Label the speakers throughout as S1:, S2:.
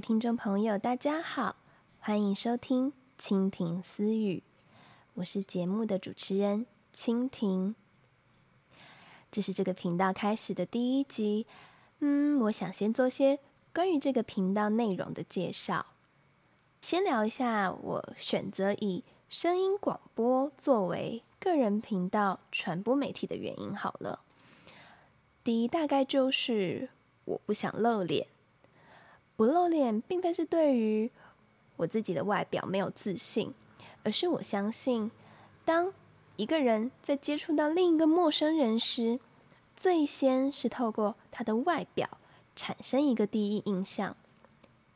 S1: 聽眾朋友，大家好，歡迎收聽《蜻蜓私語》，我是節目的主持人蜻蜓。這是這個頻道開始的第一集，嗯，我想先做些關於這個頻道內容的介紹。先聊一下我選擇以聲音廣播作為個人頻道傳播媒體的原因。好了，第一，大概就是我不想露臉。不露臉，並非是對於我自己的外表沒有自信，而是我相信，當一個人在接觸到另一個陌生人時，最先是透過他的外表產生一個第一印象，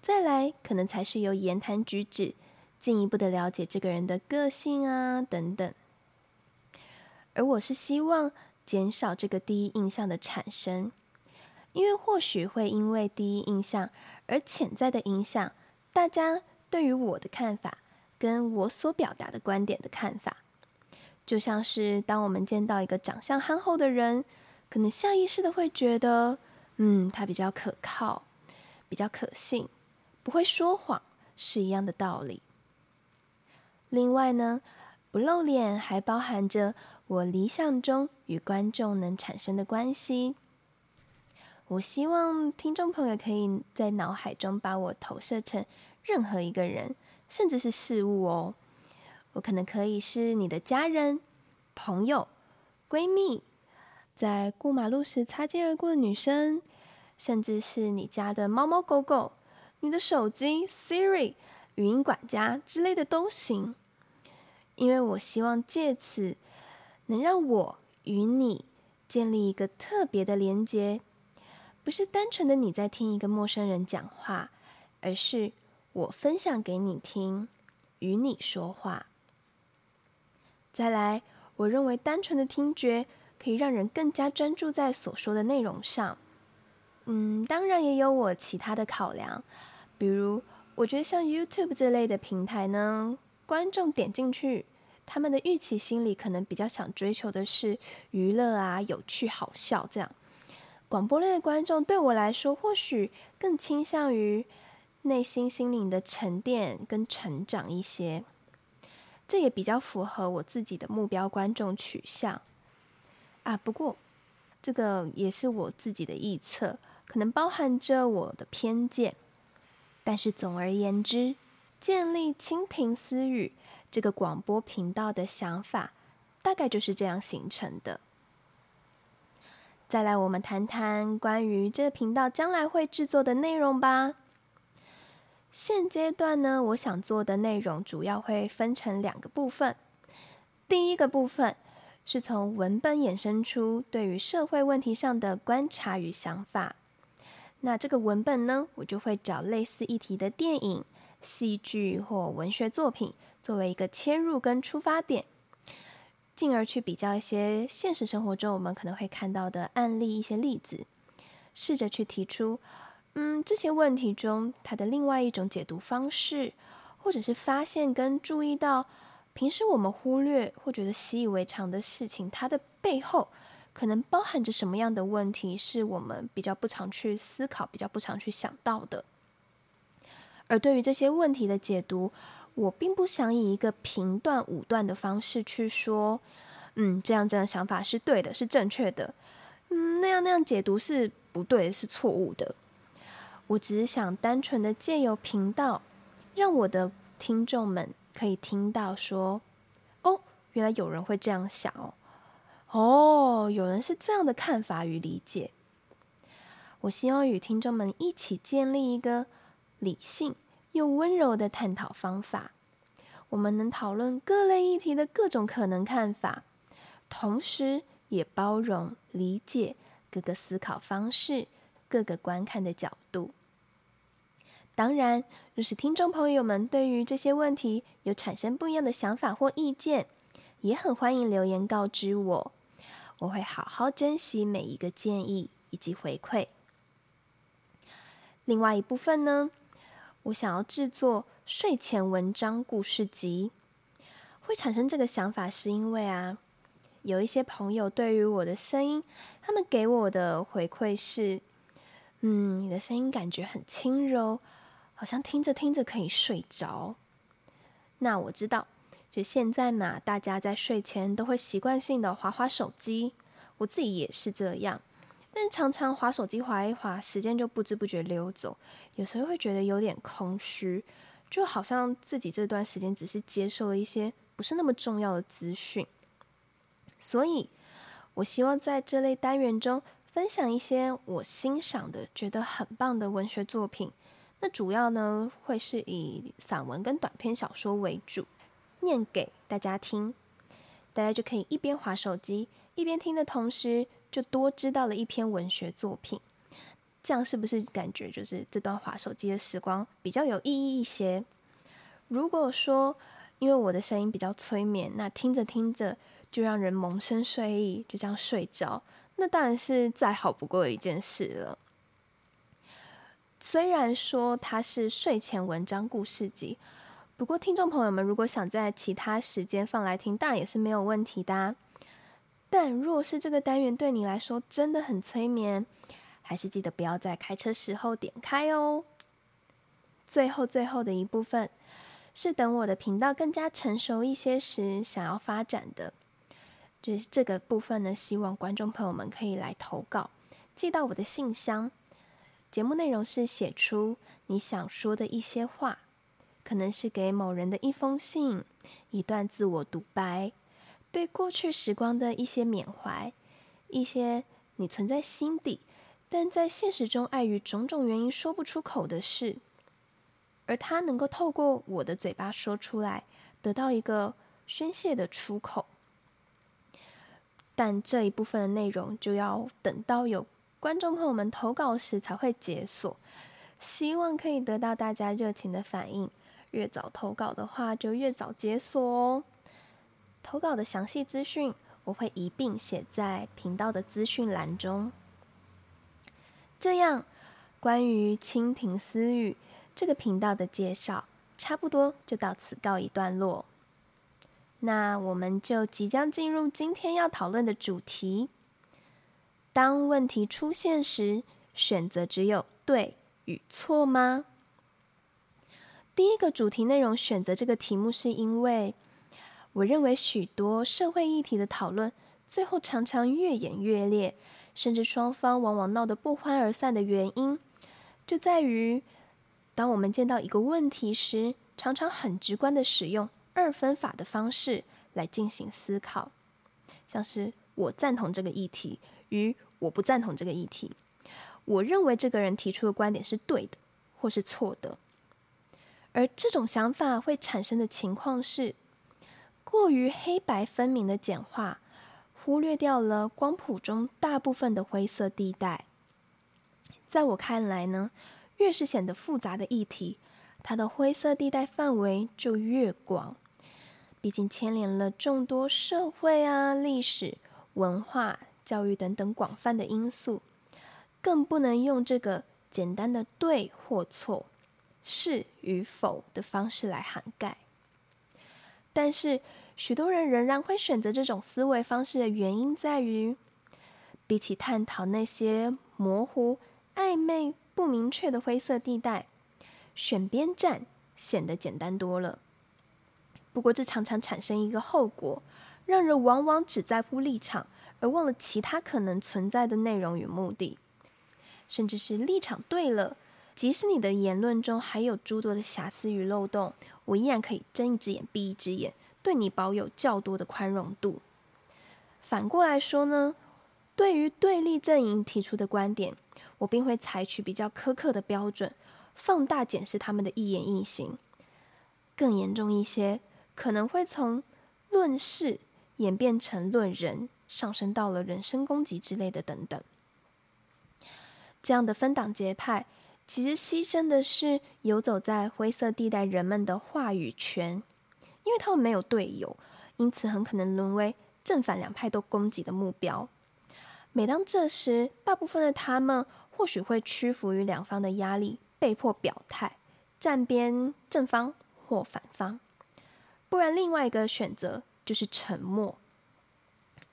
S1: 再來可能才是由言談舉止進一步的了解這個人的個性啊等等。而我是希望減少這個第一印象的產生，因為或許會因為第一印象。而潛在的影響，大家對於我的看法，跟我所表達的觀點的看法。就像是當我們見到一個長相憨厚的人，可能下意識的會覺得，嗯，他比較可靠，比較可信，不會說謊，是一樣的道理。另外呢，不露臉還包含着我理想中與觀眾能產生的關係。我希望聽眾朋友可以在腦海中把我投射成任何一個人，甚至是事物哦。我可能可以是你的家人、朋友、閨蜜，在過馬路時擦肩而過的女生，甚至是你家的貓貓狗狗、你的手機、Siri 語音管家之類的都行。因為我希望借此能讓我與你建立一個特別的連接。不是單純的你在聽一個陌生人講話，而是我分享給你聽，與你說話。再來，我認為單純的聽覺可以讓人更加專注在所說的內容上。嗯，當然也有我其他的考量，比如我覺得像 YouTube 這類的平台呢，觀眾點進去，他們的預期心理可能比較想追求的是娛樂啊、有趣、好笑這樣。廣播類的觀眾對我來說，或許更傾向於內心心靈的沉澱跟成長一些，這也比較符合我自己的目標觀眾取向啊。不過，這個也是我自己的臆測，可能包含着我的偏見。但是總而言之，建立蜻蜓私語這個廣播頻道的想法，大概就是這樣形成的。再來，我們談談關於這個頻道將來會製作的內容吧。現階段呢，我想做的內容主要會分成兩個部分。第一個部分是從文本衍生出對於社會問題上的觀察與想法。那這個文本呢，我就會找類似議題的電影、戲劇或文學作品作為一個切入跟出發點。進而去比較一些現實生活中我們可能會看到的案例、一些例子，試着去提出，嗯，這些問題中它的另外一種解讀方式，或者是發現跟注意到平時我們忽略或覺得習以為常的事情，它的背後可能包含着什麼樣的問題，是我們比較不常去思考、比較不常去想到的。而對於這些問題的解讀。我並不想以一個評斷武斷的方式去說，嗯，這樣這樣想法是對的，是正確的，嗯，那樣那樣解讀是不對的，是錯誤的。我只是想單純的借由頻道，讓我的聽眾們可以聽到說，哦，原來有人會這樣想哦，哦，有人是這樣的看法與理解。我希望與聽眾們一起建立一個理性。用溫柔的探討方法，我們能討論各類議題的各種可能看法，同時也包容理解各個思考方式、各個觀看的角度。當然，若是聽眾朋友們對於這些問題有產生不一樣的想法或意見，也很歡迎留言告知我，我會好好珍惜每一個建議以及回饋。另外一部分呢，我想要製作睡前文章故事集，會產生這個想法是因為啊，有一些朋友對於我的聲音，他們給我的回饋是，嗯，你的聲音感覺很輕柔，好像聽着聽着可以睡着。那我知道，就現在嘛，大家在睡前都會習慣性的滑滑手機，我自己也是這樣。但是常常滑手機滑一滑，時間就不知不覺溜走。有時候會覺得有點空虛，就好像自己這段時間只是接受了一些不是那麼重要的資訊。所以，我希望在這類單元中分享一些我欣賞的、覺得很棒的文學作品。那主要呢會是以散文跟短篇小說為主，念給大家聽。大家就可以一邊滑手機，一邊聽的同時。就多知道了一篇文學作品，這樣是不是感覺就是這段滑手機的時光比較有意義一些？如果說因為我的聲音比較催眠，那聽着聽着就讓人萌生睡意，就這樣睡着，那當然是再好不過的一件事了。雖然說它是睡前文章故事集，不過聽眾朋友們如果想在其他時間放來聽，當然也是沒有問題的啊。但若是這個單元對你來說真的很催眠，還是記得不要在開車時候點開哦。最後最後的一部分是等我的頻道更加成熟一些時想要發展的，就是這個部分呢，希望觀眾朋友們可以來投稿，寄到我的信箱。節目內容是寫出你想說的一些話，可能是給某人的一封信，一段自我獨白。對過去時光的一些緬懷，一些你存在心底，但在現實中礙於種種原因說不出口的事，而它能夠透過我的嘴巴說出來，得到一個宣洩的出口。但這一部分的內容就要等到有觀眾朋友們投稿時才會解鎖，希望可以得到大家熱情的反應，越早投稿的話就越早解鎖哦。投稿的詳細資訊，我會一併寫在頻道的資訊欄中。這樣，關於蜻蜓私語這個頻道的介紹，差不多就到此告一段落。那我們就即將進入今天要討論的主題：當問題出現時，選擇只有對與錯嗎？第一個主題內容選擇這個題目是因為。我認為許多社會議題的討論最後常常越演越烈，甚至雙方往往鬧得不歡而散的原因，就在於當我們見到一個問題時，常常很直觀地使用二分法的方式來進行思考，像是我贊同這個議題與我不贊同這個議題，我認為這個人提出的觀點是對的或是錯的，而這種想法會產生的情況是。過於黑白分明的簡化，忽略掉了光譜中大部分的灰色地帶。在我看來呢，越是顯得複雜的議題，它的灰色地帶範圍就越廣。畢竟牽連了眾多社會啊、歷史、文化、教育等等廣泛的因素，更不能用這個簡單的對或錯、是與否的方式來涵蓋。但是，許多人仍然會選擇這種思維方式的原因在於，比起探討那些模糊、曖昧、不明確的灰色地帶，選邊站顯得簡單多了。不過，這常常產生一個後果，讓人往往只在乎立場，而忘了其他可能存在的內容與目的。甚至是立場對了，即使你的言論中還有諸多的瑕疵與漏洞，我依然可以睜一隻眼閉一隻眼。對你保有較多的寬容度。反過來說呢，對於對立陣營提出的觀點，我並會採取比較苛刻的標準，放大檢視他們的一言一行。更嚴重一些，可能會從論事演變成論人，上升到了人身攻擊之類的等等。這樣的分黨結派，其實犧牲的是游走在灰色地帶人們的話語權。因為他們沒有隊友，因此很可能淪為正反兩派都攻擊的目標。每當這時，大部分的他們或許會屈服於兩方的壓力，被迫表態，站邊正方或反方；不然，另外一個選擇就是沉默。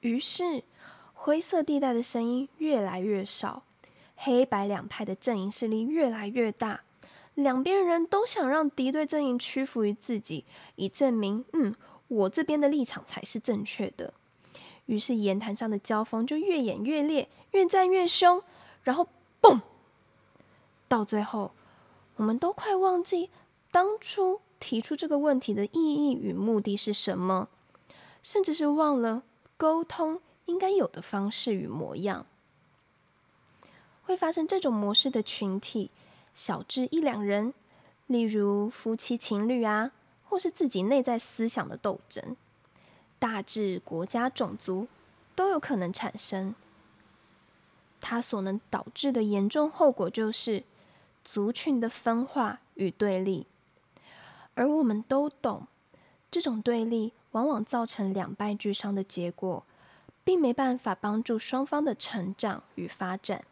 S1: 於是，灰色地帶的聲音越來越少，黑白兩派的陣營勢力越來越大。兩邊人都想讓敵對陣營屈服於自己，以證明“嗯，我這邊的立場才是正確的”。於是，言談上的交鋒就越演越烈，越戰越凶。然後，嘣！到最後，我們都快忘記當初提出這個問題的意義與目的是什麼，甚至是忘了溝通應該有的方式與模樣。會發生這種模式的群體。小至一兩人，例如夫妻情侶啊，或是自己內在思想的鬥爭；大至國家、種族，都有可能產生。它所能導致的嚴重後果，就是族群的分化與對立。而我們都懂，這種對立往往造成兩敗俱傷的結果，並沒辦法幫助雙方的成長與發展。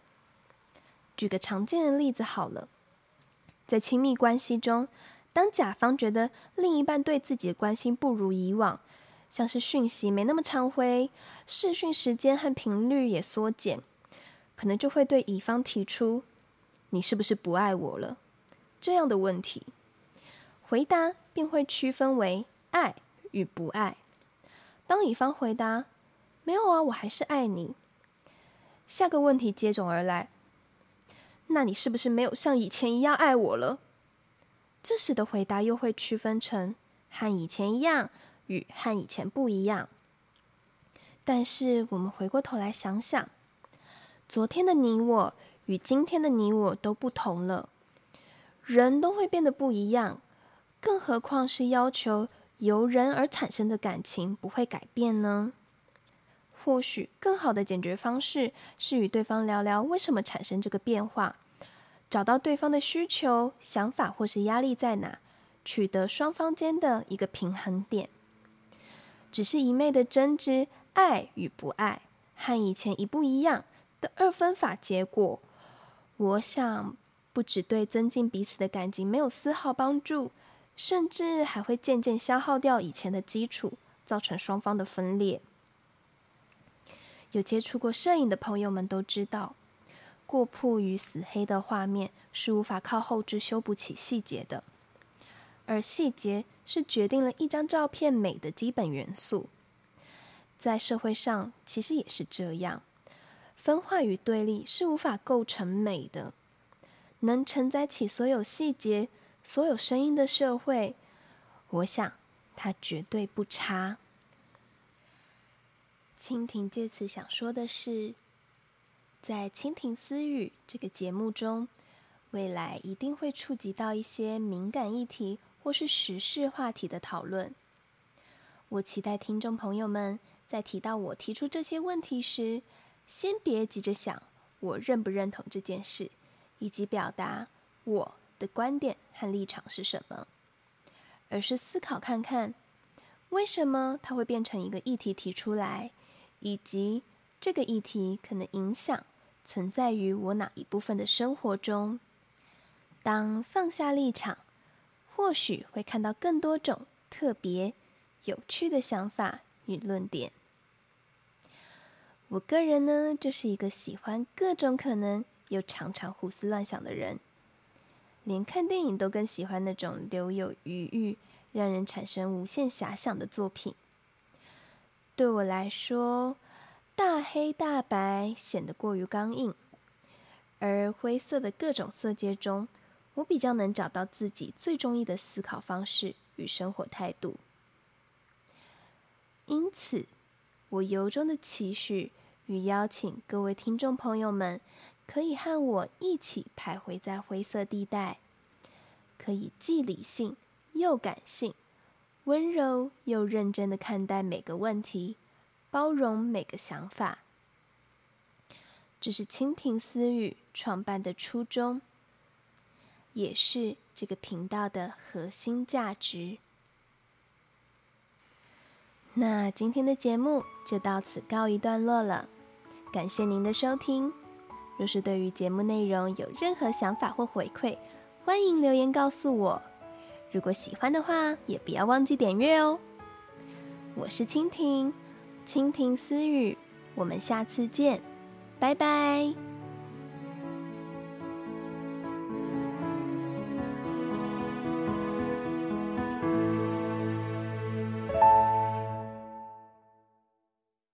S1: 舉個常見的例子好了。在親密關係中，當甲方覺得另一半對自己的關心不如以往，像是訊息沒那麼常回，視訊時間和頻率也縮減，可能就會對乙方提出“你是不是不愛我了？”這樣的問題，回答便會區分為愛與不愛。當乙方回答“沒有啊，我還是愛你”，下個問題接踵而來。那你是不是沒有像以前一樣愛我了？這時的回答又會區分成和以前一樣與和以前不一樣。但是我們回過頭來想想，昨天的你我與今天的你我都不同了，人都會變得不一樣，更何況是要求由人而產生的感情不會改變呢？或許更好的解決方式是與對方聊聊為什麼產生這個變化，找到對方的需求、想法或是壓力在哪，取得雙方間的一個平衡點。只是一昧的爭執、愛與不愛，和以前一不一樣的二分法結果，我想不只對增進彼此的感情沒有絲毫幫助，甚至還會漸漸消耗掉以前的基礎，造成雙方的分裂。有接觸過攝影的朋友們都知道，過曝與死黑的畫面是無法靠後置修補起細節的，而細節是決定了一張照片美的基本元素。在社會上，其實也是這樣，分化與對立是無法構成美的。能承載起所有細節、所有聲音的社會，我想它絕對不差。蜻蜓借此想說的是，在《蜻蜓私語》這個節目中，未來一定會觸及到一些敏感議題或是時事話題的討論。我期待聽眾朋友們在提到我提出這些問題時，先別急着想我認不認同這件事，以及表達我的觀點和立場是什麼，而是思考看看為什麼它會變成一個議題提出來。以及這個議題可能影響存在於我哪一部分的生活中？當放下立場，或許會看到更多種特別有趣的想法與論點。我個人呢，就是一個喜歡各種可能又常常胡思亂想的人，連看電影都更喜歡那種留有餘裕、讓人產生無限遐想的作品。對我來說，大黑大白顯得過於剛硬，而灰色的各種色階中，我比較能找到自己最中意的思考方式與生活態度。因此，我由衷的期許與邀請各位聽眾朋友們，可以和我一起徘徊在灰色地帶，可以既理性又感性。溫柔又認真的看待每個問題，包容每個想法。這是蜻蜓私語創辦的初衷，也是這個頻道的核心價值。那今天的節目就到此告一段落了，感謝您的收聽。若是對於節目內容有任何想法或回饋，歡迎留言告訴我。如果喜歡的話，也不要忘記點閱哦。我是蜻蜓，蜻蜓私語，我們下次見，拜拜。